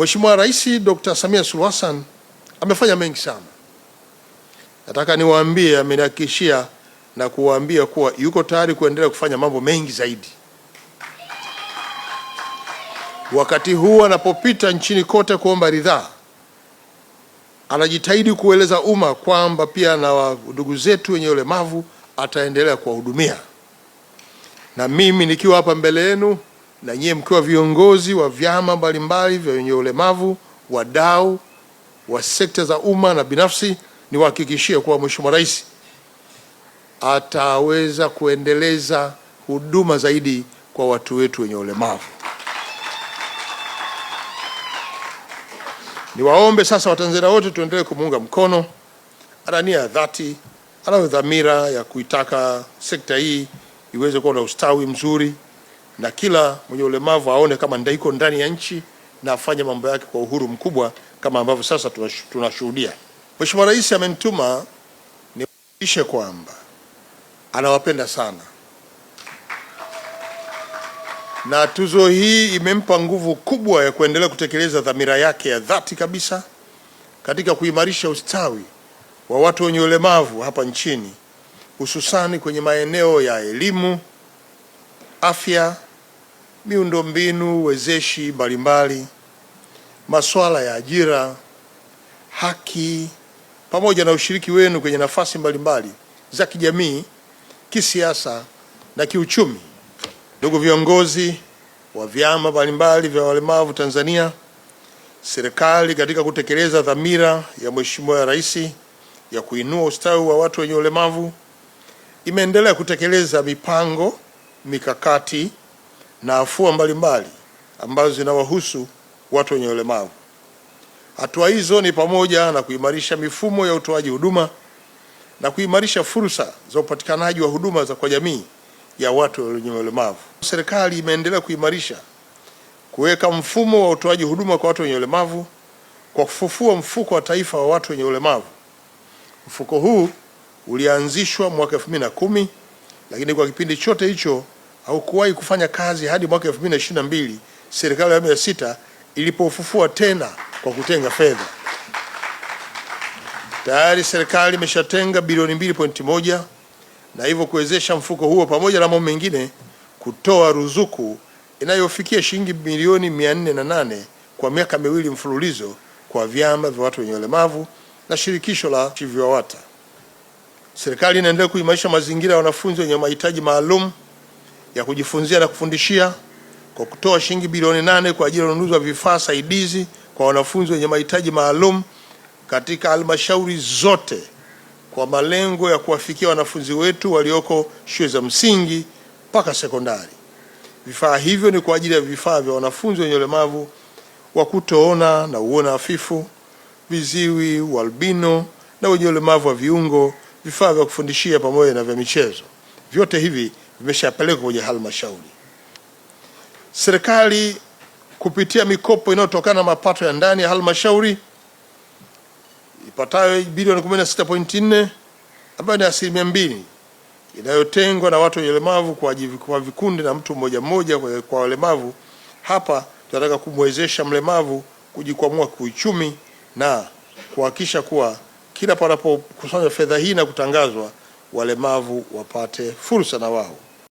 Mheshimiwa Rais Dr. Samia Suluhu Hassan amefanya mengi sana. Nataka niwaambie, amenihakikishia na kuwaambia kuwa yuko tayari kuendelea kufanya mambo mengi zaidi. Wakati huu anapopita nchini kote kuomba ridhaa, anajitahidi kueleza umma kwamba pia na ndugu zetu wenye ulemavu ataendelea kuwahudumia, na mimi nikiwa hapa mbele yenu na nyie mkiwa viongozi wa vyama mbalimbali vya wenye ulemavu, wadau wa sekta za umma na binafsi, niwahakikishie kuwa Mheshimiwa Rais ataweza kuendeleza huduma zaidi kwa watu wetu wenye ulemavu. Niwaombe sasa Watanzania wote tuendelee kumuunga mkono. Ana nia ya dhati, anayo dhamira ya kuitaka sekta hii iweze kuwa na ustawi mzuri na kila mwenye ulemavu aone kama ndaiko ndani ya nchi na afanye mambo yake kwa uhuru mkubwa kama ambavyo sasa tunashuhudia. Mheshimiwa Rais amenituma niishe kwamba anawapenda sana na tuzo hii imempa nguvu kubwa ya kuendelea kutekeleza dhamira yake ya dhati kabisa katika kuimarisha ustawi wa watu wenye ulemavu hapa nchini, hususani kwenye maeneo ya elimu, afya miundombinu wezeshi mbalimbali, masuala ya ajira, haki, pamoja na ushiriki wenu kwenye nafasi mbalimbali za kijamii, kisiasa na kiuchumi. Ndugu viongozi wa vyama mbalimbali vya walemavu Tanzania, serikali katika kutekeleza dhamira ya Mheshimiwa Rais ya kuinua ustawi wa watu wenye ulemavu imeendelea kutekeleza mipango, mikakati na afua mbalimbali ambazo zinawahusu watu wenye ulemavu. Hatua hizo ni pamoja na kuimarisha mifumo ya utoaji huduma na kuimarisha fursa za upatikanaji wa huduma za kwa jamii ya watu wenye ulemavu. Serikali imeendelea kuimarisha kuweka mfumo wa utoaji huduma kwa watu wenye ulemavu kwa kufufua mfuko wa taifa wa watu wenye ulemavu. Mfuko huu ulianzishwa mwaka 2010 lakini kwa kipindi chote hicho haukuwahi kufanya kazi hadi mwaka 2022 serikali ya awamu ya sita ilipofufua tena kwa kutenga fedha. Tayari serikali imeshatenga bilioni moja na hivyo kuwezesha mfuko huo pamoja na mambo mengine kutoa ruzuku inayofikia shilingi milioni nane kwa miaka miwili mfululizo kwa vyama vya watu wenye ulemavu na shirikisho la CHIVIWAWATA. Serikali inaendelea kuimarisha mazingira ya wanafunzi wenye mahitaji maalum ya kujifunzia na kufundishia kwa kutoa shilingi bilioni nane kwa ajili ya ununuzi wa vifaa saidizi kwa wanafunzi wenye mahitaji maalum katika halmashauri zote kwa malengo ya kuwafikia wanafunzi wetu walioko shule za msingi mpaka sekondari. Vifaa hivyo ni kwa ajili ya vifaa vya wanafunzi wenye ulemavu wa kutoona na uona hafifu, viziwi, walbino na wenye ulemavu wa viungo, vifaa vya kufundishia pamoja na vya michezo. Vyote hivi vimeshapelekwa kwenye halmashauri. Serikali kupitia mikopo inayotokana na mapato ya ndani ya halmashauri ipatayo bilioni 16.4 ambayo ni asilimia mbili inayotengwa na watu wenye ulemavu kwa vikundi na mtu mmoja mmoja kwa walemavu. Hapa tunataka kumwezesha mlemavu kujikwamua kiuchumi na kuhakikisha kuwa kila panapokusanywa fedha hii na kutangazwa, walemavu wapate fursa na wao.